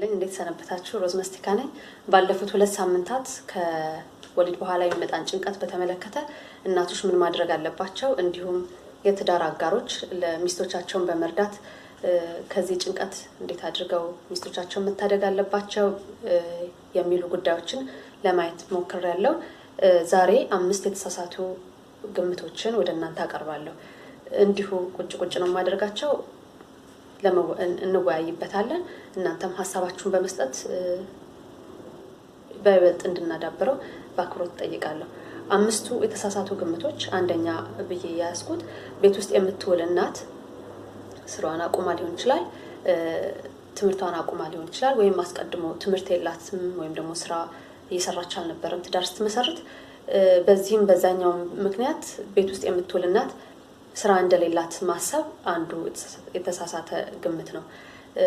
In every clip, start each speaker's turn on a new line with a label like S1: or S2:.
S1: ልኝ እንዴት ሰነበታችሁ? ሮዝ መስቲካ ነኝ። ባለፉት ሁለት ሳምንታት ከወሊድ በኋላ የሚመጣን ጭንቀት በተመለከተ እናቶች ምን ማድረግ አለባቸው፣ እንዲሁም የትዳር አጋሮች ለሚስቶቻቸውን በመርዳት ከዚህ ጭንቀት እንዴት አድርገው ሚስቶቻቸውን መታደግ አለባቸው የሚሉ ጉዳዮችን ለማየት ሞክሬያለሁ። ዛሬ አምስት የተሳሳቱ ግምቶችን ወደ እናንተ አቀርባለሁ። እንዲሁ ቁጭ ቁጭ ነው የማደርጋቸው እንወያይበታለን። እናንተም ሀሳባችሁን በመስጠት በይበልጥ እንድናዳብረው በአክብሮት እጠይቃለሁ። አምስቱ የተሳሳቱ ግምቶች፣ አንደኛ ብዬ የያዝኩት ቤት ውስጥ የምትውል እናት ስራዋን አቁማ ሊሆን ይችላል፣ ትምህርቷን አቁማ ሊሆን ይችላል፣ ወይም አስቀድሞ ትምህርት የላትም ወይም ደግሞ ስራ እየሰራች አልነበረም ትዳር ስትመሰርት። በዚህም በዛኛውም ምክንያት ቤት ውስጥ የምትውል እናት ስራ እንደሌላት ማሰብ አንዱ የተሳሳተ ግምት ነው።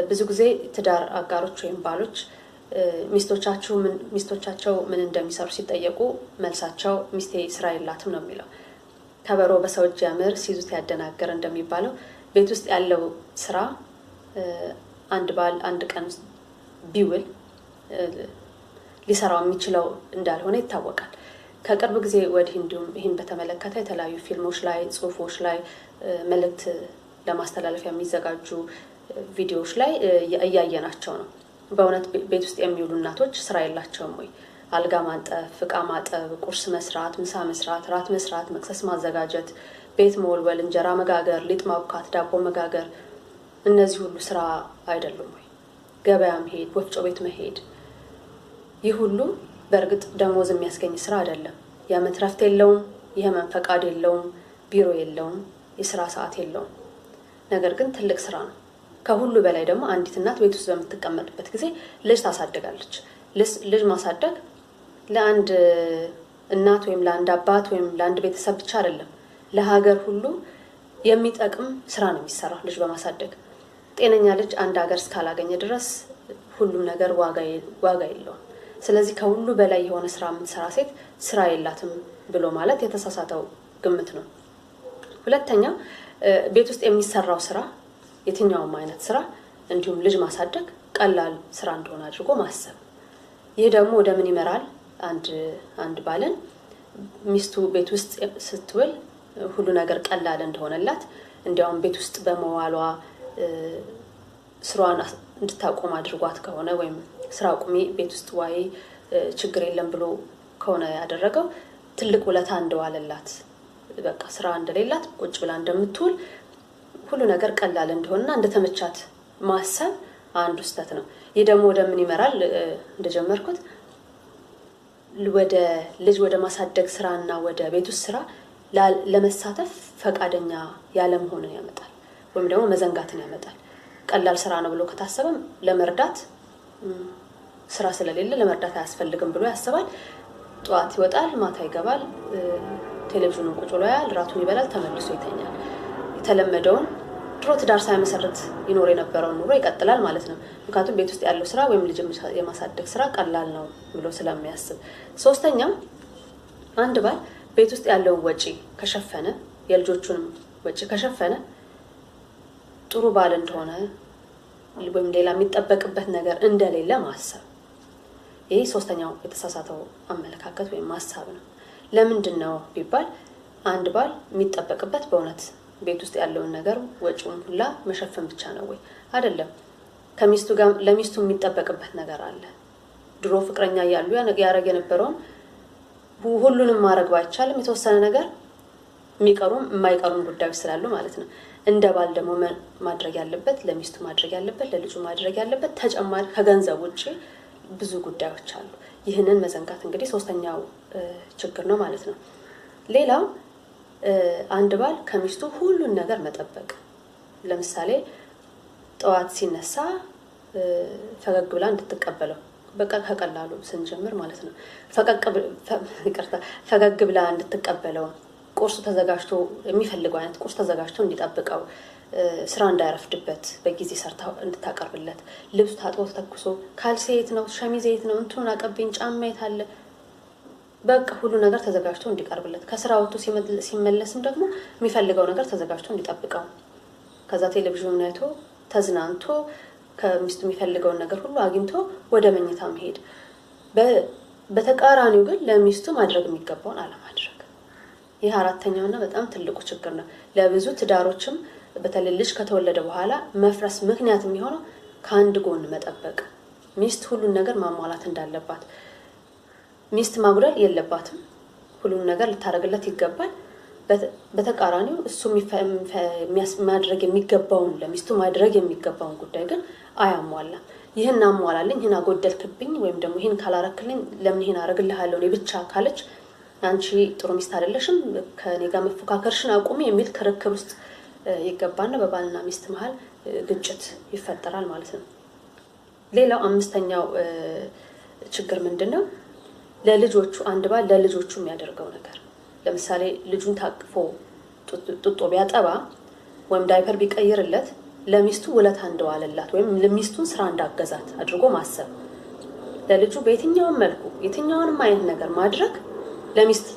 S1: ብዙ ጊዜ ትዳር አጋሮች ወይም ባሎች ሚስቶቻቸው ምን እንደሚሰሩ ሲጠየቁ መልሳቸው ሚስቴ ስራ የላትም ነው የሚለው። ከበሮ በሰው እጅ ያምር ሲይዙት ያደናገር እንደሚባለው ቤት ውስጥ ያለው ስራ አንድ ባል አንድ ቀን ቢውል ሊሰራው የሚችለው እንዳልሆነ ይታወቃል። ከቅርብ ጊዜ ወዲህ እንዲሁም ይህን በተመለከተ የተለያዩ ፊልሞች ላይ፣ ጽሁፎች ላይ መልእክት ለማስተላለፊያ የሚዘጋጁ ቪዲዮዎች ላይ እያየናቸው ነው። በእውነት ቤት ውስጥ የሚውሉ እናቶች ስራ የላቸውም ወይ? አልጋ ማንጠፍ፣ እቃ ማጠብ፣ ቁርስ መስራት፣ ምሳ መስራት፣ ራት መስራት፣ መቅሰስ ማዘጋጀት፣ ቤት መወልወል፣ እንጀራ መጋገር፣ ሊጥ ማቡካት፣ ዳቦ መጋገር፣ እነዚህ ሁሉ ስራ አይደሉም ወይ? ገበያ መሄድ፣ ወፍጮ ቤት መሄድ፣ ይህ ሁሉ በእርግጥ ደሞዝ የሚያስገኝ ስራ አይደለም። የአመት ረፍት የለውም፣ የህመም ፈቃድ የለውም፣ ቢሮ የለውም፣ የስራ ሰዓት የለውም። ነገር ግን ትልቅ ስራ ነው። ከሁሉ በላይ ደግሞ አንዲት እናት ቤት ውስጥ በምትቀመጥበት ጊዜ ልጅ ታሳድጋለች። ልጅ ማሳደግ ለአንድ እናት ወይም ለአንድ አባት ወይም ለአንድ ቤተሰብ ብቻ አይደለም፣ ለሀገር ሁሉ የሚጠቅም ስራ ነው የሚሰራው። ልጅ በማሳደግ ጤነኛ ልጅ አንድ ሀገር እስካላገኘ ድረስ ሁሉም ነገር ዋጋ የለውም። ስለዚህ ከሁሉ በላይ የሆነ ስራ የምትሰራ ሴት ስራ የላትም ብሎ ማለት የተሳሳተው ግምት ነው። ሁለተኛ ቤት ውስጥ የሚሰራው ስራ የትኛውም አይነት ስራ እንዲሁም ልጅ ማሳደግ ቀላል ስራ እንደሆነ አድርጎ ማሰብ። ይህ ደግሞ ወደ ምን ይመራል? አንድ አንድ ባልን ሚስቱ ቤት ውስጥ ስትውል ሁሉ ነገር ቀላል እንደሆነላት እንዲያውም ቤት ውስጥ በመዋሏ ስሯን እንድታቆም አድርጓት ከሆነ ወይም ስራ አቁሜ ቤት ውስጥ ዋይ ችግር የለም ብሎ ከሆነ ያደረገው ትልቅ ውለታ እንደዋለላት በቃ ስራ እንደሌላት ቁጭ ብላ እንደምትውል ሁሉ ነገር ቀላል እንደሆነና እንደተመቻት ማሰብ አንዱ ስህተት ነው። ይህ ደግሞ ወደ ምን ይመራል? እንደጀመርኩት ወደ ልጅ ወደ ማሳደግ እና ወደ ቤት ውስጥ ስራ ለመሳተፍ ፈቃደኛ ያለመሆንን ያመጣል፣ ወይም ደግሞ መዘንጋትን ያመጣል። ቀላል ስራ ነው ብሎ ከታሰበም ለመርዳት ስራ ስለሌለ ለመርዳት አያስፈልግም ብሎ ያስባል። ጠዋት ይወጣል፣ ማታ ይገባል፣ ቴሌቪዥኑን ቁጭ ብሎ ያያል፣ ራቱን ይበላል፣ ተመልሶ ይተኛል። የተለመደውን ድሮ ትዳር ሳይመሰረት ይኖር የነበረውን ኑሮ ይቀጥላል ማለት ነው። ምክንያቱም ቤት ውስጥ ያለው ስራ ወይም ልጅ የማሳደግ ስራ ቀላል ነው ብሎ ስለሚያስብ። ሶስተኛም አንድ ባል ቤት ውስጥ ያለውን ወጪ ከሸፈነ የልጆቹንም ወጪ ከሸፈነ ጥሩ ባል እንደሆነ ወይም ሌላ የሚጠበቅበት ነገር እንደሌለ ማሰብ ይህ ሶስተኛው የተሳሳተው አመለካከት ወይም ሀሳብ ነው። ለምንድን ነው ቢባል አንድ ባል የሚጠበቅበት በእውነት ቤት ውስጥ ያለውን ነገር ወጪውን ሁላ መሸፈን ብቻ ነው ወይ? አይደለም። ከሚስቱ ጋር ለሚስቱ የሚጠበቅበት ነገር አለ። ድሮ ፍቅረኛ እያሉ ያደረግ የነበረውን ሁሉንም ማድረግ ባይቻልም የተወሰነ ነገር የሚቀሩም የማይቀሩም ጉዳዮች ስላሉ ማለት ነው። እንደ ባል ደግሞ ማድረግ ያለበት ለሚስቱ ማድረግ ያለበት ለልጁ ማድረግ ያለበት ተጨማሪ ከገንዘብ ውጭ ብዙ ጉዳዮች አሉ። ይህንን መዘንጋት እንግዲህ ሶስተኛው ችግር ነው ማለት ነው። ሌላው አንድ ባል ከሚስቱ ሁሉን ነገር መጠበቅ፣ ለምሳሌ ጠዋት ሲነሳ ፈገግ ብላ እንድትቀበለው በቃ ከቀላሉ ስንጀምር ማለት ነው። ፈገግ ብላ እንድትቀበለው ቁርስ ተዘጋጅቶ የሚፈልገው አይነት ቁርስ ተዘጋጅቶ እንዲጠብቀው ስራ እንዳያረፍድበት በጊዜ ሰርታ እንድታቀርብለት፣ ልብሱ ታጥቦ ተተኩሶ ካልሲ የት ነው ሸሚዝ የት ነው እንትኑን አቀብኝ ጫማ የት አለ በቃ ሁሉ ነገር ተዘጋጅቶ እንዲቀርብለት፣ ከስራ ወጥቶ ሲመለስም ደግሞ የሚፈልገው ነገር ተዘጋጅቶ እንዲጠብቀው፣ ከዛ ቴሌቪዥን ናይቶ ተዝናንቶ ከሚስቱ የሚፈልገውን ነገር ሁሉ አግኝቶ ወደ መኝታ መሄድ። በተቃራኒው ግን ለሚስቱ ማድረግ የሚገባውን አለማድረግ ይህ አራተኛውና በጣም ትልቁ ችግር ነው። ለብዙ ትዳሮችም በተለይ ልጅ ከተወለደ በኋላ መፍረስ ምክንያት የሚሆነው ከአንድ ጎን መጠበቅ፣ ሚስት ሁሉን ነገር ማሟላት እንዳለባት፣ ሚስት ማጉደል የለባትም፣ ሁሉን ነገር ልታደርግለት ይገባል። በተቃራኒው እሱ ማድረግ የሚገባውን ለሚስቱ ማድረግ የሚገባውን ጉዳይ ግን አያሟላም። ይህን አሟላልኝ፣ ይህን አጎደልክብኝ፣ ወይም ደግሞ ይህን ካላረክልኝ ለምን ይህን አረግልሃለሁ ብቻ ካለች አንቺ ጥሩ ሚስት አይደለሽም ከኔ ጋር መፎካከርሽን አቁሚ የሚል ክርክር ውስጥ ይገባና በባልና ሚስት መሀል ግጭት ይፈጠራል ማለት ነው። ሌላው አምስተኛው ችግር ምንድን ነው? ለልጆቹ አንድ ባል ለልጆቹ የሚያደርገው ነገር ለምሳሌ ልጁን ታቅፎ ጡጦ ቢያጠባ ወይም ዳይፐር ቢቀይርለት ለሚስቱ ውለታ እንደዋለላት ወይም ለሚስቱን ስራ እንዳገዛት አድርጎ ማሰብ፣ ለልጁ በየትኛውም መልኩ የትኛውንም አይነት ነገር ማድረግ ለሚስት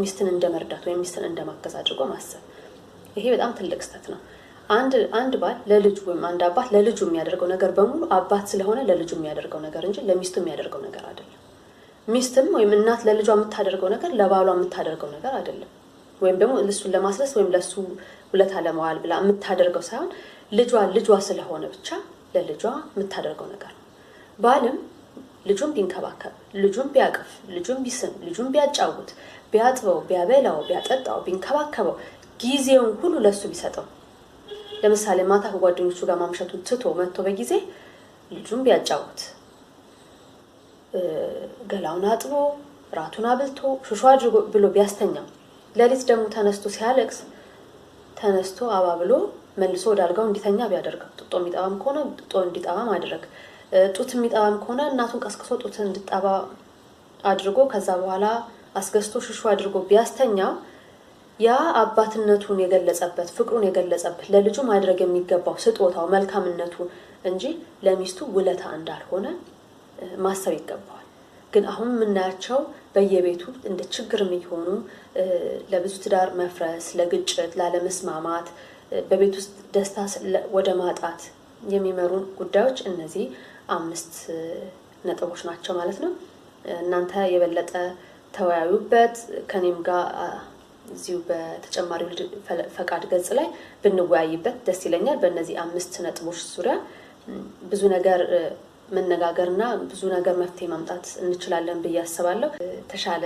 S1: ሚስትን እንደ መርዳት ወይም ሚስትን እንደ አድርጎ ማሰብ ይሄ በጣም ትልቅ ስህተት ነው። አንድ አንድ ባል ለልጁ ወይም አንድ አባት ለልጁ የሚያደርገው ነገር በሙሉ አባት ስለሆነ ለልጁ የሚያደርገው ነገር እንጂ ለሚስቱ የሚያደርገው ነገር አይደለም። ሚስትም ወይም እናት ለልጇ የምታደርገው ነገር ለባሏ የምታደርገው ነገር አይደለም። ወይም ደግሞ እሱን ለማስለስ ወይም ለሱ ውለታ ለመዋል ብላ የምታደርገው ሳይሆን ልጇ ልጇ ስለሆነ ብቻ ለልጇ የምታደርገው ነገር ነው። ባልም ልጁን ቢንከባከብ፣ ልጁን ቢያቅፍ፣ ልጁን ቢስም፣ ልጁን ቢያጫውት፣ ቢያጥበው፣ ቢያበላው፣ ቢያጠጣው፣ ቢንከባከበው፣ ጊዜውን ሁሉ ለሱ ቢሰጠው፣ ለምሳሌ ማታ ከጓደኞቹ ጋር ማምሸቱን ትቶ መጥቶ በጊዜ ልጁን ቢያጫውት፣ ገላውን አጥቦ ራቱን አብልቶ ሹሹ አድርጎ ብሎ ቢያስተኛው፣ ሌሊት ደግሞ ተነስቶ ሲያለቅስ ተነስቶ አባብሎ መልሶ ወደ አልጋው እንዲተኛ ቢያደርገው፣ ጥጦ የሚጠባም ከሆነ ጥጦ እንዲጠባም አድረግ። ጡት የሚጠባም ከሆነ እናቱን ቀስቅሶ ጡት እንድጠባ አድርጎ ከዛ በኋላ አስገዝቶ ሽሹ አድርጎ ቢያስተኛ ያ አባትነቱን የገለጸበት ፍቅሩን የገለጸበት ለልጁ ማድረግ የሚገባው ስጦታው መልካምነቱ እንጂ ለሚስቱ ውለታ እንዳልሆነ ማሰብ ይገባዋል። ግን አሁን የምናያቸው በየቤቱ እንደ ችግር የሚሆኑ ለብዙ ትዳር መፍረስ፣ ለግጭት፣ ላለመስማማት፣ በቤት ውስጥ ደስታ ወደ ማጣት የሚመሩ ጉዳዮች እነዚህ አምስት ነጥቦች ናቸው ማለት ነው። እናንተ የበለጠ ተወያዩበት። ከኔም ጋር እዚሁ በተጨማሪ ፈቃድ ገጽ ላይ ብንወያይበት ደስ ይለኛል። በእነዚህ አምስት ነጥቦች ዙሪያ ብዙ ነገር መነጋገርና ብዙ ነገር መፍትሄ ማምጣት እንችላለን ብዬ አስባለሁ። ተሻለ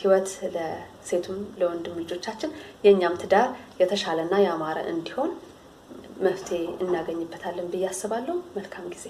S1: ህይወት ለሴቱም ለወንድም ልጆቻችን የእኛም ትዳር የተሻለና ያማረ እንዲሆን መፍትሄ እናገኝበታለን ብዬ አስባለሁ። መልካም ጊዜ